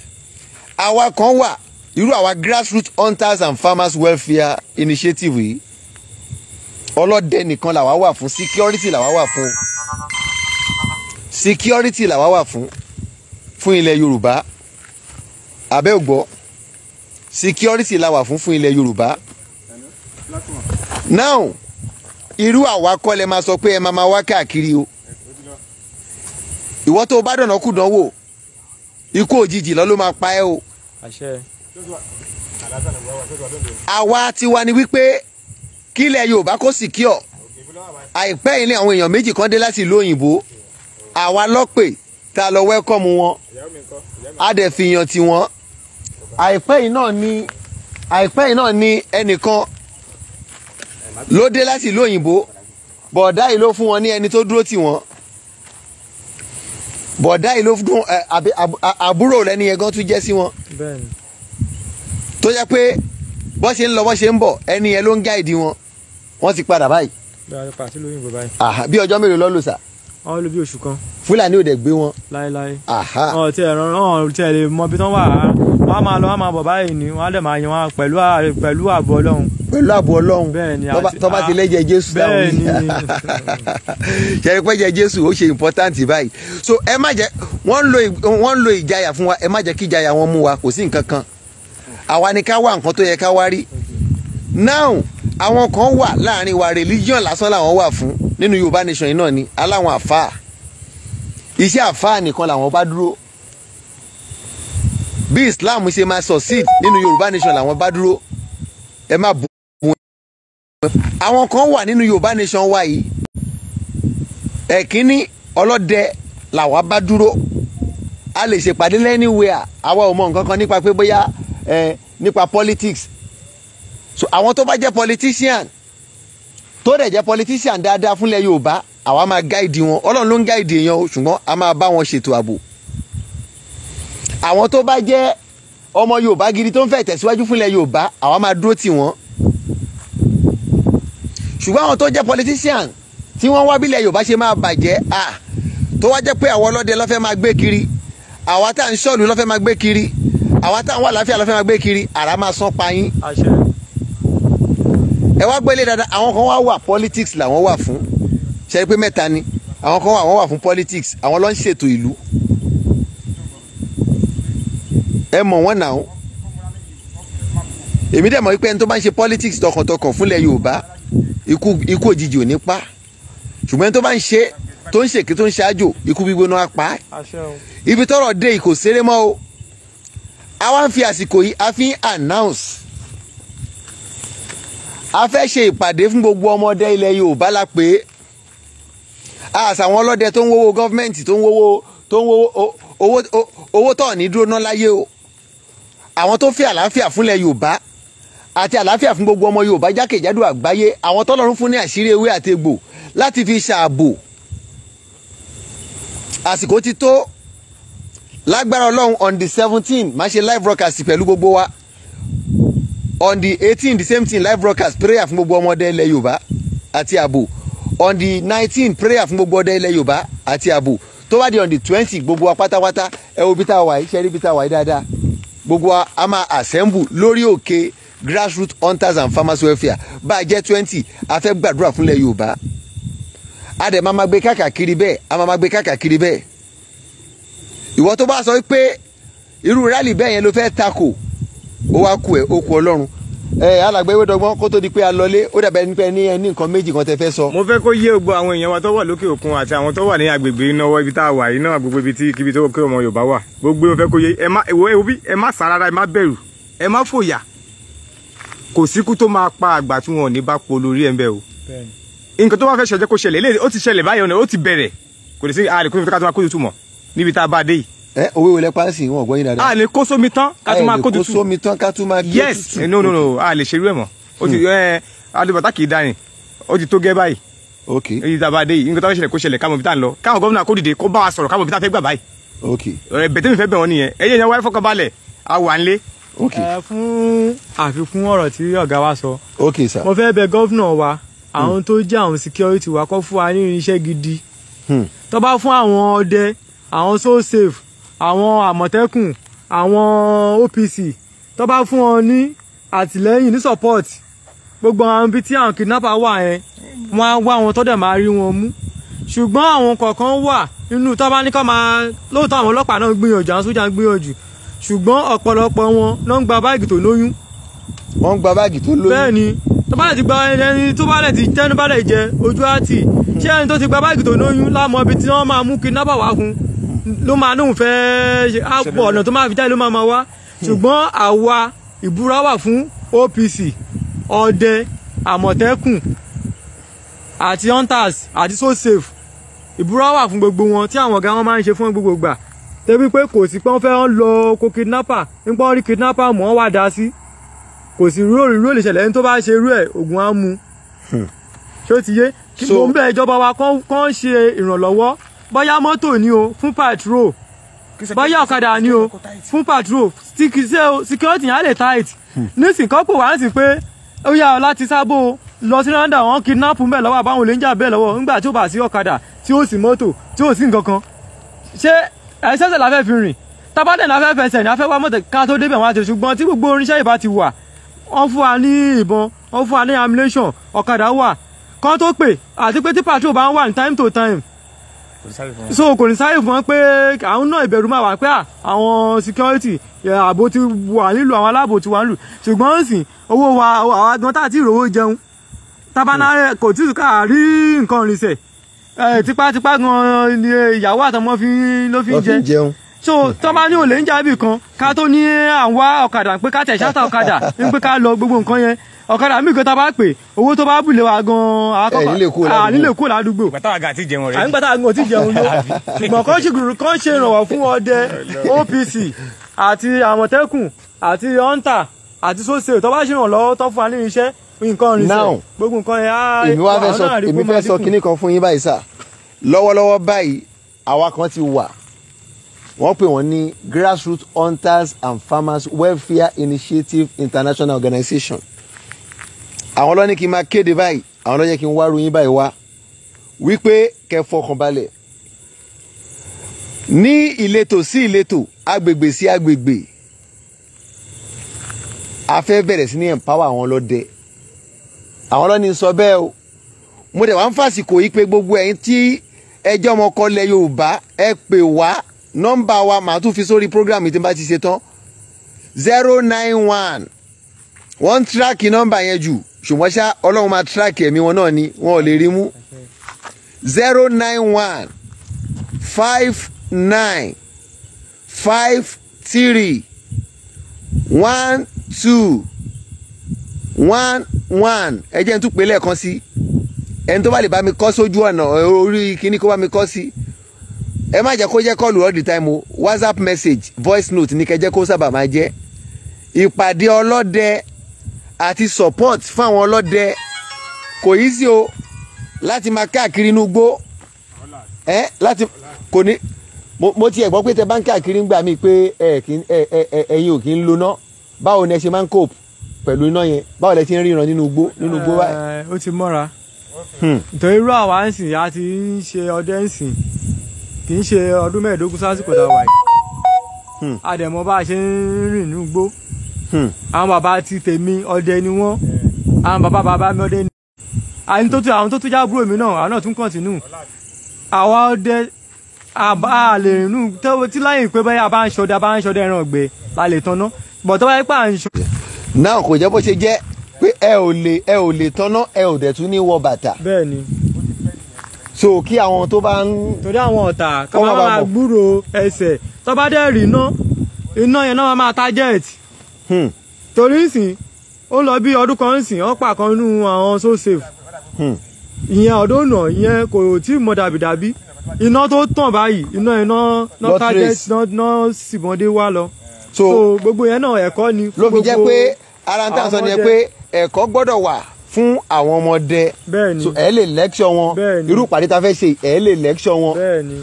àwa kan wà irú àwa grassroots hunters and farmers welfare initiative yìí ọlọ́dẹ nìkan làwa wà fún security làwa wà fún security làwa wà fún fún ilẹ̀ Yorùbá abẹ́ògbọ́ security làwa fún fún ilẹ̀ Yorùbá now irú àwa kọ́ lẹ máa sọ pé ẹ máa máa wá káàkiri o ìwọ tó o bá dọ̀nà kù dánwò ikú òjijì lọ ló máa pa ẹ́ o. àwa tiwa ni wípé kílẹ̀ Yorùbá kó sì kí ọ àìpẹ́ yìí ni àwọn èèyàn méjì kan dé láti ìlú òyìnbó àwa lọ́pẹ̀ tá a lọ wẹ́kọ̀mù wọn a dẹ̀ fìyàn tì wọ́n àìpẹ́ yìí náà ni àìpẹ́ yìí náà ni ẹnìkan ló dé láti ìlú òyìnbó bọ̀ọ̀dá yìí ló fún wọn ní ẹni tó dúró tì wọ́n bọ̀dá yìí ló dún àbúrò lẹ́ni yẹn gan tún jẹ́ sí wọn tó jẹ́ pé bọ́ ṣe ń lọ bọ́ ṣe ń bọ̀ ẹni yẹn ló ń gáìdì wọn wọ́n ti padà báyìí. bí ọjọ́ mélòó lọ́ lò sà. wọ́n lò bí oṣù kan. fúlàní ò dẹ̀ gbé wọn. láéláé. ọ̀ọ́ tí ẹ̀rọ ọ̀ọ́ tí ẹ̀ lè mọ bí tán wà á wọ́n á máa lọ wọ́n á máa bọ̀ báyìí ni wọ́n á dẹ̀ máa yan wọn pẹ̀lú pẹ̀lú ààbò ọlọ́run. pẹ̀lú ààbò ọlọ́run tọ́ba ti lẹ́jẹ̀ jésù táwọn ní ṣe é pẹ́jẹ jésù ó ṣe important báyìí so ẹ má jẹ́ wọ́n ń lo ìjayà fún wa ẹ má jẹ́ kí ìjayà wọn mú wa kò sí nǹkan kan àwa ni ká wá nǹkan tó yẹ ká wá rí now àwọn kan wà láàrin wa religion lásán làwọn wà fún nínú yorùbá nation yìí náà ni aláwọn àfáà iṣẹ́ àfáà nìkan làwọn bá dúró bí Islam ṣe máa succeed nínú Yorùbá nation làwọn bá dúró ẹ má bú wọn. àwọn kan wà nínú Yorùbá nation wa yìí ẹ̀kínní ọlọ́dẹ làwa bá dúró a lè ṣèpàdé anywhere àwa ò mọ nǹkan kan nípa pé bóyá ẹ nípa politics so àwọn tó bá jẹ́ politician tó dẹ̀ jẹ́ politician dáadáa fúnlẹ̀ Yorùbá àwa máa gáìdì wọn Ọlọ́run ló ń gáìdì èèyàn o ṣùgbọ́n a máa bá wọn ṣètò ààbò àwọn tó bá jẹ́ ọmọ Yorùbá gidi tó ń fẹ́ tẹ̀síwájú fúnlẹ̀ Yorùbá àwa máa dúró tì wọ́n ṣùgbọ́n àwọn tó jẹ́ politician tí wọ́n wá bílẹ̀ Yorùbá ṣe máa bàjẹ́ à tó wá jẹ́ pé àwọn ọlọ́dẹ lọ́fẹ́ máa gbé kiri àwa tá à ń ṣọ́ọ̀lù lọ́fẹ́ máa gbé kiri àwa tá à ń wà láfíà lọ́fẹ́ máa gbé kiri àrà máa sán payín ẹ wá gbélé dáadáa àwọn kan wá wà politics làwọn wà fún ṣe é pé mẹ́ta ni àwọn kan wà wọ́n wà fún politics àwọn ló ń ṣètò ìlú ẹ mọ̀ wọ́n náà èmi dẹ̀ mọ̀ wípé ẹni tó bá ń ṣe politics tọkàntọkàn fúnlẹ̀ Yorùbá ikú ikú òjijì ò ní pa ṣùgbọ́n ẹni tó bá ń ṣe tó ń ṣèké tó ń ṣáájò ikú gbígbóná apá ibi tọ́rọ̀ dé ìkò séré mọ́ o a wá ń fi àsìkò yìí a fi ń announce a fẹ́ ṣe ìpàdé fún gbogbo ọmọdé ilẹ̀ Yorùbá la pé a àsàwọn ọlọ́dẹ tó ń wówó gọ́fíńmẹ̀ntì tó ń wówó tó ń owó tó ní dúró ná láyé o àwọn tó fẹ́ àlàáfíà fúnlẹ̀ Yorùbá àti àlàáfíà fún gbogbo ọmọ Yorùbá jákèjádò àgbáyé àwọn tọ́lọ́run fún ní àṣírí ewé àti egbò láti fi ṣààbò àsìkò ti tó lágbára Ọlọ́run on the seventeen máa ṣe live broadcast pẹ̀lú gbogbo wa on the eighteen the same thing live broadcast prayer fún gbogbo ọmọdé ilẹ̀ Yorùbá àti ààbò on the nineteen prayer fún gbogbo ọdẹ ilẹ̀ Yorùbá àti ààbò tó bá di on the twenty gbogbo wa pátápátá ẹ wo bí tá a wà yìí ṣe rí bí tá a wà yìí dáadáa gbogbo wa a máa assemble lórí òkè okay, grassroot hunters and farmers welfare bá a jẹ́ twenty a fẹ́ gbàdúrà fúnlẹ̀ yorùbá a dẹ̀ máa ma gbé káàkiri bẹ́ẹ̀ a máa ma gbé káàkiri bẹ́ẹ̀ ìwọ tó bá sọ pé irú rálì bẹ́ẹ̀ yẹn ló fẹ́ takò ó wá ku ẹ̀ ó ku ọlọ́run ẹ alàgbà Ewédọgbọn kó tó di pé a lọlé ó dàbẹ ní pé ní ẹni nǹkan méjì kan tẹ fẹ́ sọ. mo fẹ́ kó yé gbogbo àwọn èèyàn wa tó wà lókè òkun àti àwọn tó wà ní agbègbè ìnáwó ibi tá a wà yìí náà gbogbo ibi tí kíbi tó kí ọmọ Yorùbá wà gbogbo ìfẹ́ kó yé ẹ má ìwọ bí ẹ má sàrara ẹ má bẹ̀rù ẹ má fòyà kò síkú tó máa pa àgbà tí wọn ò ní bá po lórí ẹ bẹ o nǹkan tó bá fẹ́ ṣẹjẹ kó ṣẹlẹ̀ ti ṣẹlẹ̀ báyọ̀ ó ti bẹ̀rẹ̀ kò ní sí àlè kó níbi tá a bá ẹ òwe wẹlẹ paasi wọn gbọ́ yín dáadáa. a lè kó sómi tán ká máa kó tutù a lè kó sómi tán ká máa kó tutù. yes eh, no no no a lè ṣerú hmm. ẹ mọ o ti ẹ adébọtá kì í darin o ti tó gẹ báyìí. ok èyí tá a bá dé yìí nǹkan tó ṣẹlẹ̀ kó ṣẹlẹ̀ káwọn ibi tá à ń lọ káwọn gómìnà kó dìde kó bá wa sọ̀rọ̀ káwọn ibi tá a fẹ́ gbà báyìí. ok ẹ bẹ̀tẹ̀ mi fẹ́ bẹ̀ wọ́n nìyẹn ẹ yẹ wáyé fọkànbalẹ̀ a wà ń lé. ok ẹ fún àfikún ọ̀rọ̀ tí ọ̀gá wa sọ. ok sir mo fẹ́ bẹ̀ gómìnà wa hmm. àwọn tó jẹ́ àwọn security wa kó fún wa ní irinṣẹ́ gidi hmm. tó fún àwọn ọdẹ àwọn so safe àwọn àmọ̀tẹ́kùn àwọn OPC tó bá fún ọ ní àtìlẹ́yìn ní support gbogbo àwọn ibi tí àwọn kidnapper wà yẹn wọ́n á wá àwọn tó dẹ̀ máa rí wọn mú ṣùgbọ́n àwọn kọ̀ọ̀kan wà nínú tó bá ní kó máa lóòótọ́ àwọn ọlọ́pàá náà gbìyànjú àwọn sójà ń gbìyànjú ṣùgbọ́n ọ̀pọ̀lọpọ̀ wọn náà ń gba báàgì tó lóyún. wọ́n ń gba báàgì tó lóyún. bẹ́ẹ̀ ni tó bá lè ti gba ẹni tó bá lè ti tẹnu bá lè jẹ ojú àti ṣé ẹni tó ti gba báàgì tó lóyún lámọ ibi tí wọ́n máa mú kidnapper wá fún ló máa lóun fẹ́ àpọ̀ ọ̀nà tó máa fi jáde ló máa máa wá ṣùgbọ́n àwa ìbúra wà fún OPC ọdẹ àmọ̀tẹ́kùn àti hunters àti sosafe ìbúra wà fún gbogbo wọn tí àwọn ọ̀gá wọn máa ń ṣe fún gbogbo gbà tẹ́bí pé kò sí pé wọ́n fẹ́ lọ ko kidnapper nípa wọn rí kidnapper mọ́ wà dá sí kò sí rú òrìrú òlìṣẹ̀lẹ̀ ẹni tó bá ṣe irú ẹ̀ ògùn á mu hmm. ṣé ó ti yé kí gbòǹbẹ̀ ìjọba wa kàn ṣe ìrànlọ́wọ́ bóyá mọ́tò ni o fún patrol bóyá ọ̀kadà ni o fún patrol security yẹn á lè tight nísìnyí kan pò wá nísìnyí pé ó yà ọ láti sábò lọ sí randa wọn kidnap mbẹ lọ́wọ́ àbáwọn olè ń jà bẹ́ẹ̀ lọ́wọ́ ńgbà tí ó bá sí ọ̀kadà tí ó sì mọ́tò tí ó sì nǹkan kan ṣé ẹsẹsẹ la fẹ́ fi rìn tabadẹ la fẹ́ fẹsẹ̀ ní afẹwà mọtẹ ká tó débẹ̀ wọn àti ṣùgbọ́n tí gbogbo oníṣẹ́ ìbá ti wà wọ́n fún wa ní ìbọn wọ́n fún wa ní ammunition ọ̀kadà wà kán tó pè àti pé tí patrol bá ń wà ní time to time so kò ní sáyè fún wọn pé àwọn náà ìbẹ̀rù máa wà pé àwọn security ààbò ti wà nílùú àwọn aláàbò ti wà nílùú ṣùgbọ́n sì owó wa àwọn agbọn tá àti ìrówó jẹun tábánà kò tí ká rí nǹkan ìrìnsẹ̀ tipátipá gan ni ìyàwó àtọmọ ló fi ń jẹun so tó bá ní òlé ń jábì kan ká tó ní àwọn ọ̀kadà pé ká tẹ̀ ṣáta ọ̀kadà ń pé ká lọ gbogbo nǹkan yẹn ọ̀kadà mi kan tá a bá pè owó tó bá bùlé wa gan-an ànílè kó ládùúgbò. ìgbàtà àga àti ìjẹun rẹ. àgbàtà àgbà àti ìjẹun ló ṣùgbọ́n kàn ṣe gùrù kàn ṣe ìrànwọ́ fún ọdẹ OPC àti àmọ̀tẹ́kùn àti hunter àti sọ́sẹ̀ tó bá ṣe ìrànlọ́wọ́ tó fún wa ní iṣẹ́ nǹkan rìnṣẹ́ gbogbo nǹkan yẹn á èmi fẹ́ sọ kinní kan fún yín báyìí sà lọ́wọ́lọ́wọ́ báyìí wọ́n pè wọ́n ní grassroots hunters and farmers welfare initiative international organization àwọn ló ní kí n máa kéde báyìí àwọn ló yẹ kí n wá ròyìn báyìí wá wípé kẹ́ fọkàn balẹ̀ ní ìletò sí ìletò agbègbè sí agbègbè a fẹ́ bẹ̀rẹ̀ sí ní empower àwọn ọlọ́dẹ àwọn ọlọ́ni sọ bẹ́ẹ̀ o mo dẹ̀ wá ń fàsìkò yìí pé gbogbo ẹ̀yin tí ẹjọ́ ọmọkọ́lẹ̀ Yorùbá ẹ pè wá nọ́mbà wa màá tún fi sórí program tí n bá ti ṣe tán zero nine one one track tíráàkì nọ́mbà yẹn jù ṣùgbọ́n ṣá ọlọ́run máa tíráàkì ẹ̀mí wọn náà ni wọn ò lè rí mú zero nine one five nine five three one two one one ẹ jẹ́ n tún pè lẹ́ẹ̀kan sí ẹni tó bá lè bá mi kọ sójú ọ̀nà orí kíní kó bá mi kọ sí ẹ má jẹ́ kó jẹ́ kọ́ọ̀lù all the time o whatsapp message voice note ní kẹjẹ́ kó sábà máa jẹ́ ìpàdé ọlọ́dẹ àti support fáwọn ọlọ́dẹ kò yí sí o láti máa káàkiri inú gbó ẹ láti kò ní mo tiẹ̀ gbọ́ pé tẹ bá ń káàkiri ń gbà mí pé ẹ̀yin ò kí ń loná báwo ni ẹ ṣe máa ń cope pẹ̀lú iná yẹn báwo lẹ ti ń ríran nínú gbó nínú gbó báyìí. ó ti mọ́ra hmm. nítorí irú àwa ń sìn a ti ń ṣe ọdẹ ń sìn kì í ṣe ọdún mẹ́ẹ̀ẹ́dógún sásìkò tá a wà yìí hmm. a bá a ṣe ń rìn nínú gbó Hmm. àwọn bàbá ti tèmi ọdẹ ni wọ́n àwọn bàbá bàbá mi ọdẹ ni àwọn tó tún àwọn tó tún já búrò mi náà àwọn náà tún kọ̀ǹtínú àwa ọdẹ àbá lè rìnnú tí láyìn pé báyà bá ń ṣọdẹ a bá ń ṣọdẹ ẹran ọ̀gbẹ́ la lè tanná bọ̀ tó bá yẹ pé à ń ṣọdẹ. náà kò jẹ́ bó ṣe jẹ́ pé ẹ ò lè ẹ ò lè tanná ẹ ò dẹ̀ tún ní wọ bàtà. bẹ́ẹ̀ni. so kí àwọn tó bá ń. torí àwọn ọ̀tà kọ́ máa gbúròó ẹsẹ̀ tó bá dẹ̀ rí iná iná yẹn náà máa tájẹ́ẹ̀tì Hmm. torí ìsìn ó lọ bí ọdún kan ìsìn ó pàkan nínú àwọn so safe hmm. ìyẹn ọdún nà ìyẹn kò tí ì mọ dàbìdàbì iná tó tàn báyìí iná iná nọ́kàjẹ́ iná sìmọ́dé wá lọ so gbogbo yẹn náà ẹ̀kọ́ ni. ló fi jẹ́ pé ara ń tàn sọ ni pé ẹ̀kọ́ gbọ́dọ̀ wà fún àwọn ọmọdé so ẹ lè lẹ́kṣọ̀ wọn irú ìpàdé ta fẹ́ ṣe ẹ lè lẹ́kṣọ̀ wọn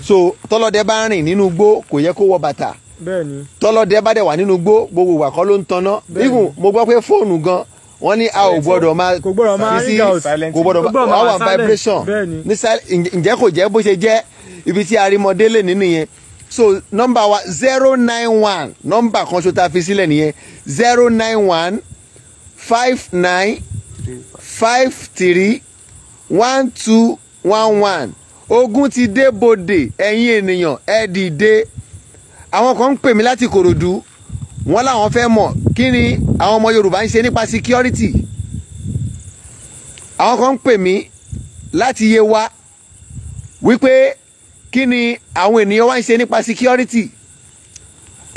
so tọ́lọ́dẹ bá rìn nínú igbó kò yẹ kó wọ bàtà bẹ́ẹ̀ni. tọ́lọ́dẹ bá dẹ̀ wà nínú gbó gbogbo ìwà kọ́ ló ń tanná igun mo gbọ́ pé fóònù gan wọ́n ní a ò gbọ́dọ̀ máa kò gbọ́dọ̀ máa ring out kò gbọ́dọ̀ máa wà vibration ní ǹjẹ́ kò jẹ́ bó ṣe jẹ́ ibi tí arimọdé lè nínú yẹn so nọ́mbà wa zero nine one nọ́mbà kan ṣo ta fi sílẹ̀ nìyẹn zero nine one five nine five three one two one one ogun ti dé bodè ẹ̀yin ènìyàn ẹ dìde àwọn kan ń pè mí láti Ìkòròdú wọ́n láwọn fẹ́ mọ̀ kí ni àwọn ọmọ Yorùbá ń ṣe nípa security àwọn kan ń pè mí láti Yewa wípé kí ni àwọn ènìyàn wá ń ṣe nípa security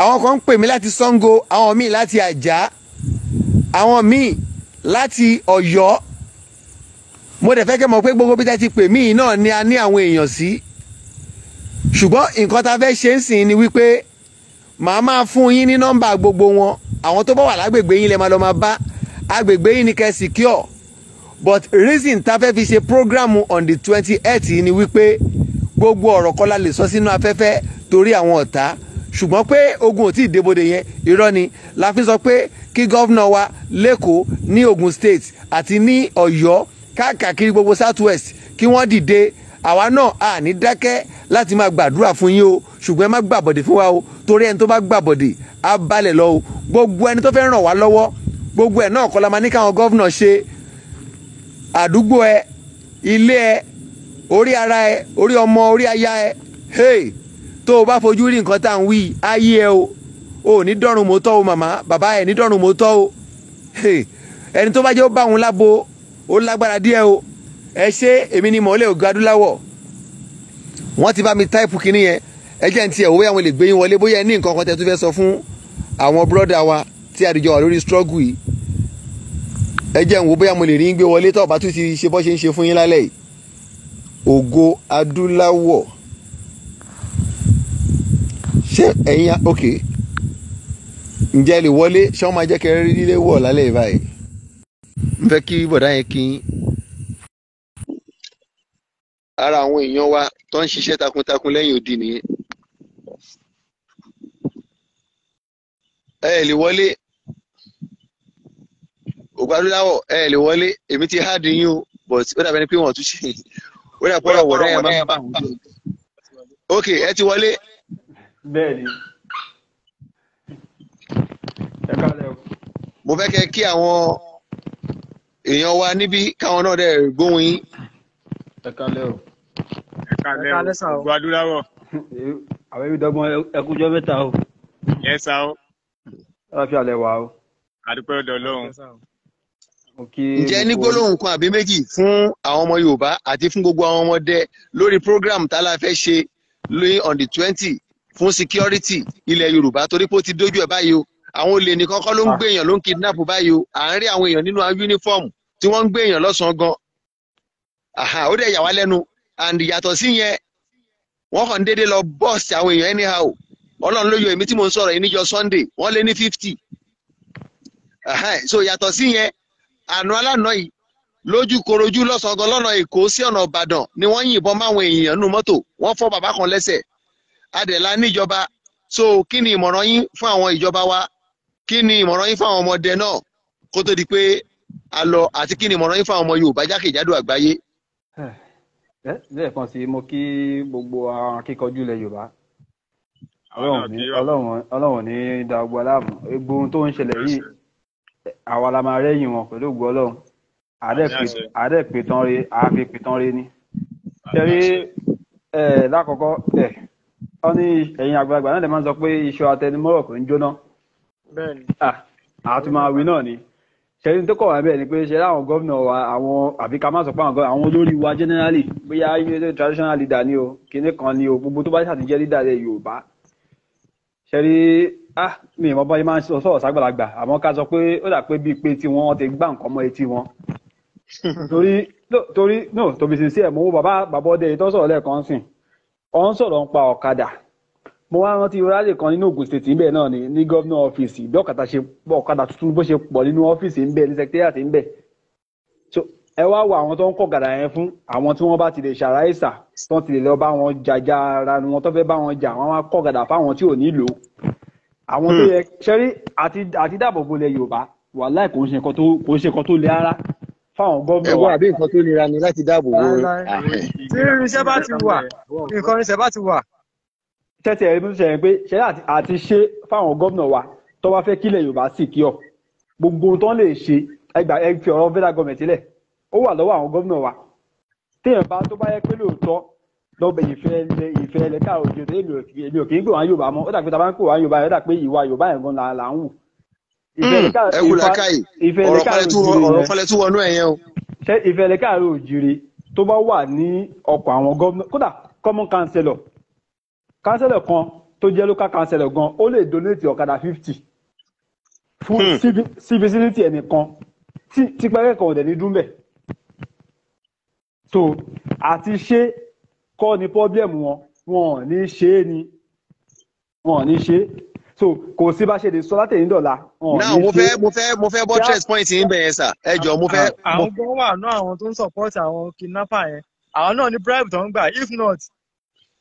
àwọn kan ń pè mí láti Ṣàngó àwọn míì láti Àjà àwọn míì láti Ọ̀yọ́ mo dẹ̀ fẹ́ kẹ́ mọ̀ pé gbogbo bí tẹ́ ti pè mí náà ni a ní àwọn èèyàn sí. Si ṣùgbọ́n nǹkan tá a fẹ́ ṣe ń sìn ni wípé màá máa fún yín ní nọ́mbà gbogbo wọn àwọn tó bá wà lágbègbè yín lè máa lọ máa bá agbègbè yín ni kẹ́ secure but reason tá a fẹ́ fi ṣe program on the twenty eight ni wípé gbogbo ọ̀rọ̀ kọ́ la lè sọ sínú afẹ́fẹ́ torí àwọn ọ̀tá ṣùgbọ́n pé ogun ò tí ì débodè yẹn irọ́ ni la fi sọ pé kí gọ́vnà wa lẹ́kọ̀ọ́ ní Ogun State àti ní Ọ̀yọ́ káàkiri gbogbo South West kí wọ́n dìde àwa náà à ní dákẹ́ láti máa gbàdúrà fún yín o ṣùgbọ́n ẹ má gbàbọ̀dè fún wa o torí ẹni tó bá gbàbọ̀dè á balẹ̀ lọ o gbogbo ẹni tó fẹ́ ràn wá lọ́wọ́ gbogbo ẹ̀ náà kọ́ máa ní káwọn gọ́vnà ṣe àdúgbò ẹ ilé ẹ orí ara ẹ orí ọmọ orí aya ẹ hey tó o bá fojú rí nǹkan tá à ń wí ayé ẹ o ò ní dọ́rùn mọ́tọ́ o màmá bàbá ẹ ní dọ́rùn mọ́tọ́ o hey ẹni tó bá jẹ́ ó bá òun lábo ó lágbára díẹ̀ o ẹ ṣé èmi ni mọ̀ọ́lẹ́ ògùn adúláwọ̀ wọ́n ti bá mi táìpù kínní yẹn ẹ jẹ́ n tiẹ̀ wò bóyá àwọn lè gbé yín wọlé bóyá ẹ ní nǹkan kan tẹ́ tó fẹ́ sọ fún àwọn bírọ́dà wa tí àdìjọ wà lórí struggle yìí ẹ jẹ́ n wò bóyá mo lè rí gbé wọlé tó bá tún ti ṣe bọ́ ṣe ń ṣe fún yín lálẹ́ yìí ògo adúláwọ̀ ṣé ẹ̀yin ok ǹjẹ́ lè wọlé ṣé wọ́n máa jẹ́ kẹ́ rí wọ̀ lálẹ́ báyìí ara àwọn èèyàn wa tó ń ṣiṣẹ́ takuntakun lẹ́yìn odi nìyẹn. ẹ ẹ lè wọlé ògbàdúláwọ ẹ ẹ lè wọlé èmi ti háàdì yín o but ó dàbẹ ni pé wọn tún ṣe ó dàbẹ ọ̀rọ̀ wọrẹ ẹ máa ń bà wọn. ok ẹ ti wọlé. bẹ́ẹ̀ni ẹ kálẹ̀ o. mo fẹ́ kẹ́ kí àwọn èèyàn wa níbí káwọn náà dẹ̀ gbóhùn yín. ẹ kálẹ̀ o kalẹ o gbọ adúláwọ. àwọn ibi dọgbọn ẹkújọ mẹ́ta o. yẹn sá o. ọlọ́fi àlẹ́ wa o. àdúpẹ́ ọ̀dọ̀ ọlọ́run. ǹjẹ́ ní gbólóhùn kan àbí méjì fún àwọn ọmọ yorùbá àti fún gbogbo àwọn ọmọdé lórí program tálá fẹ́ ṣe lóyún on the twenty fún security ilẹ̀ yorùbá torí pé ó ti dójú ẹ̀ báyìí o àwọn olè nìkan kọ́ ló ń gbé èèyàn ló ń kidnap báyìí o à àwọn èèyàn nínú uniform tí wọ́n ń gbé èèyàn lọ́sàn-án gan-an ó dẹ̀ yà wá lẹ́nu and yàtọ̀ sí yẹn wọ́n kàn déédéé lọ bọ́ọ̀sì àwọn èèyàn anyhow ọlọ́run ló yọ èmi tí mo ń sọ̀rọ̀ yìí níjọ sunday wọ́n lé ní fifty so yàtọ̀ sí yẹn àná alánà yìí lójú korojú lọ́sàn-án lọ́nà èkó sí ọ̀nà ìbàdàn ni wọ́n yìnbọn máwọn èèyàn nù mọ́tò wọ́n fọ́ bàbá kan lẹ́sẹ̀ adẹ̀lá níjọba so kí ni ìmọ̀ràn yín fún àwọn ìjọba wa kí ni ìmọ̀ràn yín fún àwọn ọmọdé náà kó tó di pé a lọ àti kí ni ìmọ̀ràn yín fún àwọn ọmọ yorùbá jákèjádò àgbáyé lẹ́ẹ̀kan sí mo kí gbogbo àwọn akíkanjú ilẹ̀ yorùbá ọlọ́run ní dàgbà láàmú egbò tó ń ṣẹlẹ̀ yìí àwa la máa rẹ́yìn wọn pẹ̀lú ògbó ọlọ́run àdẹ́pẹ̀tàn rẹ àfipẹ̀tàn rẹ ni. ṣẹ́rí lákọ̀ọ́kọ́ ẹ̀ ọ ní ẹ̀yin àgbààgbà náà lè máa ń sọ pé iṣu atẹnumọ́rọ̀ kò ń jóná àtùmáwí náà ni kẹrin tó kọ̀ wá bẹ́ẹ̀ ni pé ṣe láwọn gómìnà wa àwọn àbí ká má sọ pé àwọn gómìnà àwọn olórí wa generally bóyá traditional leader ni o kinní kan ni o gbogbo tó bá ṣàtúnjẹ́ leader rẹ̀ Yorùbá ṣe ah mi ìmọ̀ báyìí máa ń sọ sọ̀rọ̀ ságbàlagbà àmọ́ ká sọ pé ó dà pé bíi pé tí wọ́n ti gbá nǹkan mọ́ etí wọn torí torí no tòbí sísí ẹ̀ mọ́ bàbá bàbá ọdẹ yìí tó sọ̀rọ̀ lẹ́ẹ̀kan sìn ọ̀ ń sọ̀rọ̀ ń pa ọ̀kadà mo wá rántí ráàyè kan nínú Ògùn state ńbẹ náà ni ní gómìnà ọ́fíìsì bí ọ̀kadà ṣe pọ̀ ọ̀kadà tuntun bó ṣe pọ̀ nínú ọ́fíìsì ńbẹ ní sẹkítẹ́rìàtì ńbẹ ẹ wá wo àwọn tó ń kọ̀ gàdà yẹn fún àwọn tí wọ́n bá ti lè ṣàráìsà tó ti lè lọ bá wọn jàjà ara ni wọ́n tó fẹ́ bá wọn jà wọ́n wá kọ̀ gàdà fáwọn tí ò nílò àwọn tó hmm. yẹ ṣẹ́rí àti dáàbò bo lẹ̀ Yorùbá wàláì kò ń ṣe nǹkan tó le rárá fáwọn gómìnà wa. ẹ̀wọ́n àbí nǹkan tó nira ni láti dáàbò bo. tí irinṣẹ́ bá ti wà nǹkan irinṣẹ́ bá ti wà tẹ́tí ẹ̀rí tó ṣẹlẹ̀ pé ṣẹlẹ̀ àti ṣe fáwọn gómìnà wa tó bá fẹ́ kílẹ̀ Yorùbá sì kí ọ gbogbo tó ń lè ṣe ẹgbà ẹ fi ọ̀rọ̀ federal government sílẹ̀ ó wà lọ́wọ́ àwọn gómìnà wa téèyàn bá tó bá yẹ pé lóòótọ́ lọ́bẹ̀ ìfẹ́ ẹlẹ́ ìfẹ́ ẹlẹ́ káà òjò tó èmi ò kì í gbé wọn Yorùbá mọ́ ó dà tá a bá ń pè wọn Yorùbá yẹn ó dà pé ìwà Yorùbá yẹn gan là ń wù. Mm. ẹ wù lákàyè ọ̀rọ̀ pẹ̀lẹ́ tún wọnú ẹ̀yẹn o. ìfẹ́ ẹlẹ́ káà kánsẹ́lọ̀ kan tó jẹ́ local kánsẹ́lọ̀ gan ó lè donate ọ̀kadà fifty fún hmm. civility ẹnìkan tí pẹ́ẹ́rẹ́ kan ọ̀dẹ̀ ní dúnbẹ̀ so àti ṣe kọ́ ni problem wọn wọn ò ní ṣe é ni wọn ni, ní ṣe é so kò sí bá ṣe lè sọ látẹ̀yìn dọ̀la. náà mo fẹ́ mo fẹ́ mo fẹ́ buttress point yín bẹ̀rẹ̀ sà ẹ jọ mo fẹ́. àwọn gan wà náà àwọn tó ń support àwọn kidnapper yẹn àwọn náà ní bribe tó ń gbà if not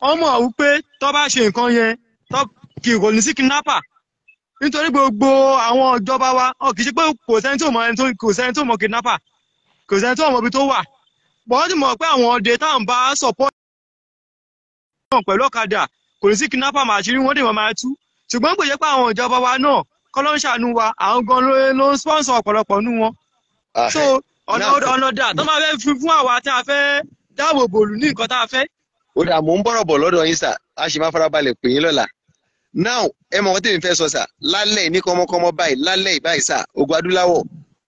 ọmọ wípé tó bá ṣe nǹkan yẹn tó kì kò ní sí kidnapper nítorí gbogbo àwọn ìjọba wa ọ kì í ṣe pé kò sẹ́ni tó mọ ẹni tó kò sẹ́ni tó mọ kidnapper kò sẹ́ni tó mọ ibi tó wà bọ́ọ̀dì mọ̀ pé àwọn ọdẹ tá à ń bá support pẹ̀lú ọ̀kadà kò ní sí kidnapper máa ṣírí wọ́n dè wọ́n máa tú ṣùgbọ́n kò yẹ pé àwọn ìjọba wa náà kọ́ ló ń ṣàánú wa àwọn gan ló ń sponsor ọ̀pọ̀lọpọ̀ nú wọn. so ah, eh. ọ̀nà ọ̀nà dà tó máa fẹ́ fi fún àwa tí a fẹ́ dáàbò bòlù ní nǹkan tá a fẹ́ ó dà mò ń bọ̀rọ̀ bọ̀ lọ́dọ̀ yín sà á sì máa farabalẹ̀ pè yín lọ́la now ẹ mọ̀ wọ́n tèmi fẹ́ sọ sà lálẹ́ ní kọ́mọ́kọ́mọ́ báyìí lálẹ́ báyìí sà ogun adúláwọ̀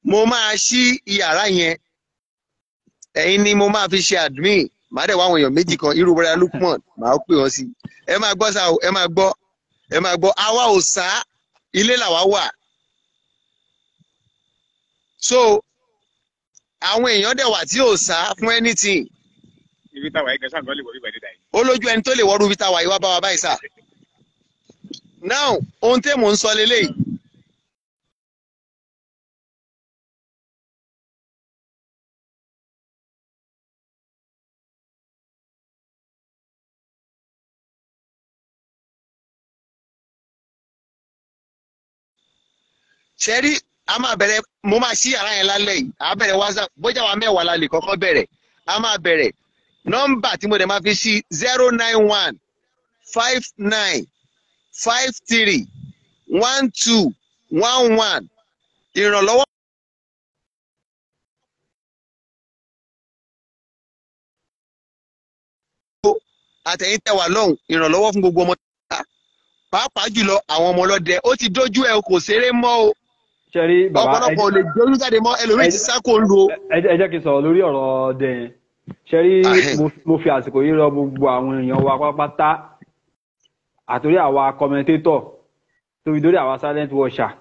mo máa ṣí yàrá yẹn ẹ̀yin ni mo máa fi ṣe admin màá dẹ̀ wá àwọn èèyàn méjì kan irú wẹ́rẹ́ lukman màá pè wọ́n sí ẹ máa gbọ́ sà ẹ máa gbọ́ ẹ máa gbọ́ àwa ò sá ilé làwa wà so àwọn èèyàn dẹ̀ wà tí ò sá fún anything ibi táwa yìí kẹsàn-án lè wọ bíbẹ̀ ní dàí. ó ẹni tó lè wọ́rú ibi táwa yìí wá bá wa báyìí sà. now ohun tí mò ń sọ leléyìí. ṣẹ́rí a máa bẹ̀rẹ̀ mo máa ṣí ara yẹn lálẹ́ yìí a bẹ̀rẹ̀ whatsapp bójá wa mẹ́wàá la lè kọ́kọ́ bẹ̀rẹ̀ a máa bẹ̀rẹ̀ nọ́mbà tí mo dẹ̀ máa fi sí zero nine one five nine five three one two one one ìrànlọ́wọ́. àtẹ̀yìn tẹ̀wà lọ́hùn ìrànlọ́wọ́ fún gbogbo ọmọ tẹ̀wà pàápàá jùlọ àwọn ọmọ ọlọ́dẹ ó ti dójú ẹ kò ṣeré mọ́ o ọ̀pọ̀lọpọ̀ ò lè dójú jáde mọ́ ẹlòmíì ti sá kó ń lo. ẹ jẹ́ kí n sọ̀rọ̀ lórí ọ̀rọ̀ ọdẹ yẹn ṣe rí mo fi àsìkò yìí rọ gbogbo àwọn èèyàn wa pátápátá àtòrí àwa kọmẹtétọ̀ tóbi dórí àwa silent watcher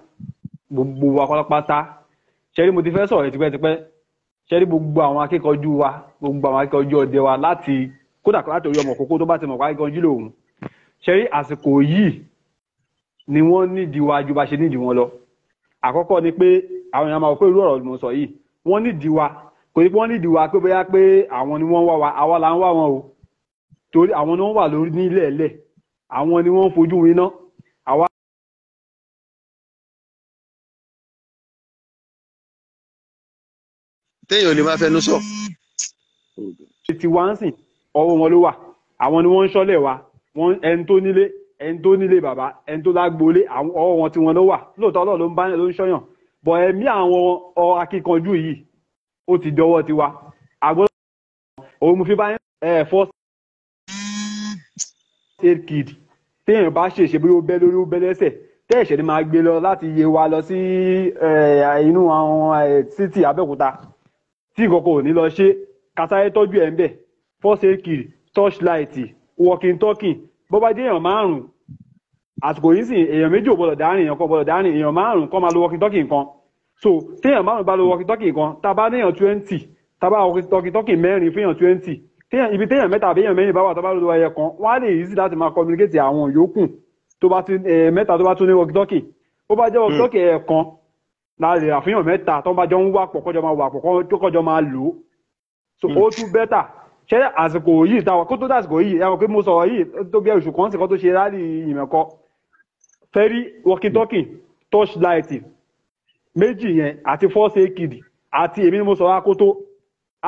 gbogbo wa pátápátá ṣe rí mo ti fẹ́ sọ̀rọ̀ tipẹ́tipẹ́ ṣe rí gbogbo àwọn akẹ́kọ̀ọ́jú wa gbogbo àwọn akẹ́kọ̀ọ́jú ọdẹ wa láti kódà kan láti orí ọmọ kókó tó bá ti mọ̀ wáyé ganjú lòun ṣe rí àsìkò yìí ni wọ́n nídìí wa ju bá ṣe nídìí wọn lọ àkọ́kọ́ ni pé àwọn èèyàn máa wọ pé irú ọ̀rọ̀ mo sọ yìí wọ́n nídìí wa kò sí pé wọ́n nídìí wa pé bóyá pé àwọn ni wọ́n wá wa àwa là ń wá wọn o torí àwọn ni wọ́n wà lórí nílẹ̀ ẹ̀lẹ̀ àwọn ni wọ́n fojú winá àwa. téèyàn ò lè máa fẹnu sọ. ti wá ń sìn ọwọ́ wọn ló wà àwọn ni wọ́n ń ṣọ́lẹ̀ wa wọ́n ẹni tó nílé ẹni tó nílé bàbá ẹni tó lágbólé ọwọ́ wọn tí wọ́n ló wà lóòótọ́ ọlọ́ọ̀ ló ń bá ló ń ṣọ́yàn bọ̀ ẹ̀mí àwọn akíkanjú yìí ó ti dọwọ́ tiwa àgbọ̀dọ̀ òun mo fi bá ẹ first aid kit téèyàn bá ṣèṣe bí ó bẹ́ lórí ó bẹ́ lẹ́sẹ̀ tẹ́ẹ̀ṣẹ̀ ni máa gbé lọ láti yé wa lọ sí inú àwọn city Abẹ́òkúta tí ìkọ̀kọ̀ ò ní lọ ṣe kàtàyé tọ́jú ẹ̀ ń bẹ̀ first aid kit torchlight walking talking bó bá dé èèyàn márùn-ún àsìkò yìí sì èèyàn méjì ò gbọdọ̀ dárìn èèyàn kan gbọdọ̀ dárìn èèyàn márùn-ún kọ́ máa lo walking talking kan so téèyàn márùn bá lo hmm. wọkítọ́kì kan tá a twenty tá a bá wọkítọ́kì mẹ́rin fún yàn twenty ibi téèyàn mẹ́ta àbí yàn mẹ́rin bá wà tá a bá lo ẹyẹ kan wọ́n á lè yí sí láti máa communicate àwọn yòókù tó bá tún eh, mẹ́ta tó bá tún ní wọkítọ́kì ó bá jẹ́ hmm. wọkítọ́kì ẹyẹ kan la lè àfihàn mẹ́ta tó bá jọ ń wà pọ̀ kọ́jọ máa wà pọ̀ kọ́jọ máa lò ó so hmm. ó tún bẹ́tà ṣé àsìkò yìí táwọn kó tó dàsìkò yìí àwọn pé mo sọ̀rọ̀ yìí tó bí oṣù kan sì kan tó ṣe rálì ìmẹ̀kọ fẹ́rí wọkítọ́kì torchlight méjì yẹn àti fọ́ọ̀sì èkìdì àti èmi ni mo sọ akoto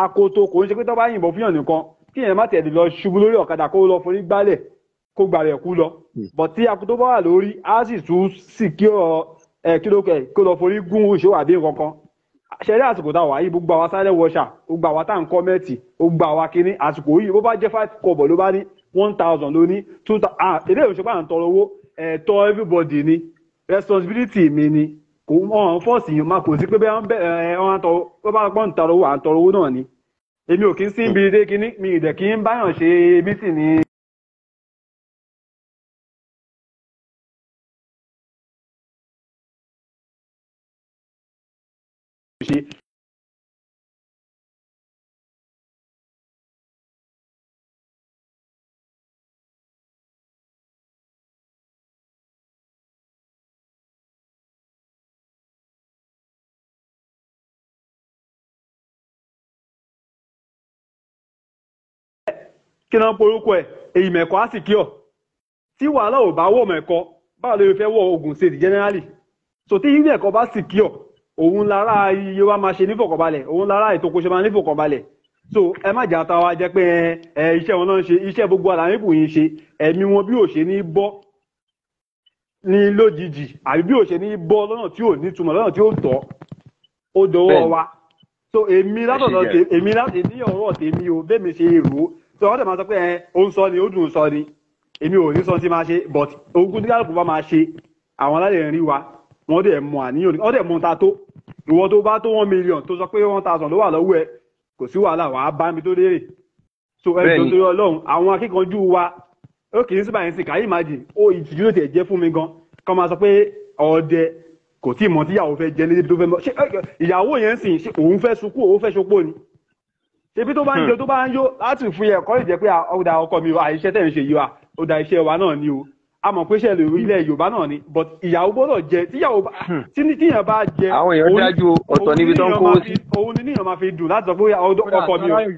akoto kò ń ṣe pé tó bá yìnbọn fún yàn nìkan kí yẹn má tẹ̀lé lọ ṣubú lórí ọ̀kadà kó lọ forí gbálẹ̀ kó gbàlẹ̀ kú lọ hmm. bọ̀ tí akoto bá wà lórí á sì tún sì kí ọ ẹ kí ló kẹ kó lọ forí gún ìṣó àbí nǹkan ṣẹlẹ àsìkò tá a wà yìí gbogbo àwa sálẹ wọṣà gbogbo àwa tá à ń kọ mẹẹtì gbogbo àwa kínní àsìkò yìí bó bá jẹ five kọ́bọ̀ ló bá ní one thousand ló ní two thousand ah ilé ìwòsàn pàrọ̀ ń tọrọ owó ẹ̀tọ́ everybody ni responsibility mi ni kò ọ̀hún fọ́ọ̀sì yìí máa kò sí pé bẹ́ẹ̀ ọ̀hún bẹ́ẹ̀ eh, ọ̀hún tọrọ ó bá pọ́n tọrọ owó à ń tọrọ owó náà ni èmi ò kí ń sí ibi dé kínní mi ì ń báyàn ṣe mítì ní kí náà porúkọ ẹ̀ èyí mẹ̀kọ á sì kí ọ̀ tí wàhálà ò bá wọ̀ mẹ̀kọ báwo ló fẹ́ wọ Ogun State generally so tí yíyí mẹ̀kọ bá sì kí ọ̀ òun lára iye wa máa ṣe nífọ̀kànbalẹ̀ òun lára ètò kò ṣe máa nífọ̀kànbalẹ̀ so ẹ má jà ta wa jẹ pé ẹ iṣẹ́ wọn náà ń ṣe iṣẹ́ gbogbo àlàyébù yìí ṣe ẹ̀mí wọn bí ò ṣe ní bọ́ ní lójijì àbí bí ò ṣe ní bọ́ lọ́nà tí ò nítumọ̀ lọ́nà tí ò tọ́ ó dọwọ́ wa so èmi látọ̀dọ̀ èmi láti ní ọ̀rọ̀ tèmi o bẹ́ẹ̀ mi ṣe rò ó so wọ́n dẹ̀ máa sọ pé ẹ ó ń sọ ni ó dùn sọ ni èmi ò ní sọ ti máa ṣe but ogun tí kálukú bá máa ṣe àwọn alálẹ̀ ń rí wa wọ́n dẹ̀ mọ àníyàn wọ́n dẹ̀ mọ ta tó ìwọ tó bá tó one million tó sọ pé one thousand ló wà lọ́wọ́ ẹ kò sí wàhálà wàá bá mi tó léèrè so ẹ jọ torí Ọlọ́run àwọn akíkanjú wa ó kì í síbà yẹn sì kàyí ìmájì ó ìtìjú ló tiẹ̀ jẹ́ fún mi gan kọ́ máa sọ pé ọdẹ kò tí ì mọ tíyàwó fẹ́ jẹ níbi tó fẹ́ mọ ṣé ìyàwó yẹn sì ṣe òun fẹ́ sunkún òun fẹ́ ṣopó ni ṣebí tó bá ń jẹ tó bá ń yó láti fún yẹ ẹ̀kọ́ ìjẹ́ pé ah, ọ̀dà ọkọ mi àìṣe tẹ̀ ń ṣe yìí wa ọ̀dà iṣẹ́ wa náà ni o a mọ̀ pé ṣẹlẹ̀ ilẹ̀ Yorùbá náà ni but ìyàwó gbọ́dọ̀ jẹ tíyàwó bá tíyàn bá jẹ òun ni níyàn máa fi dùn láti sọ pé ah, ọkọ mi o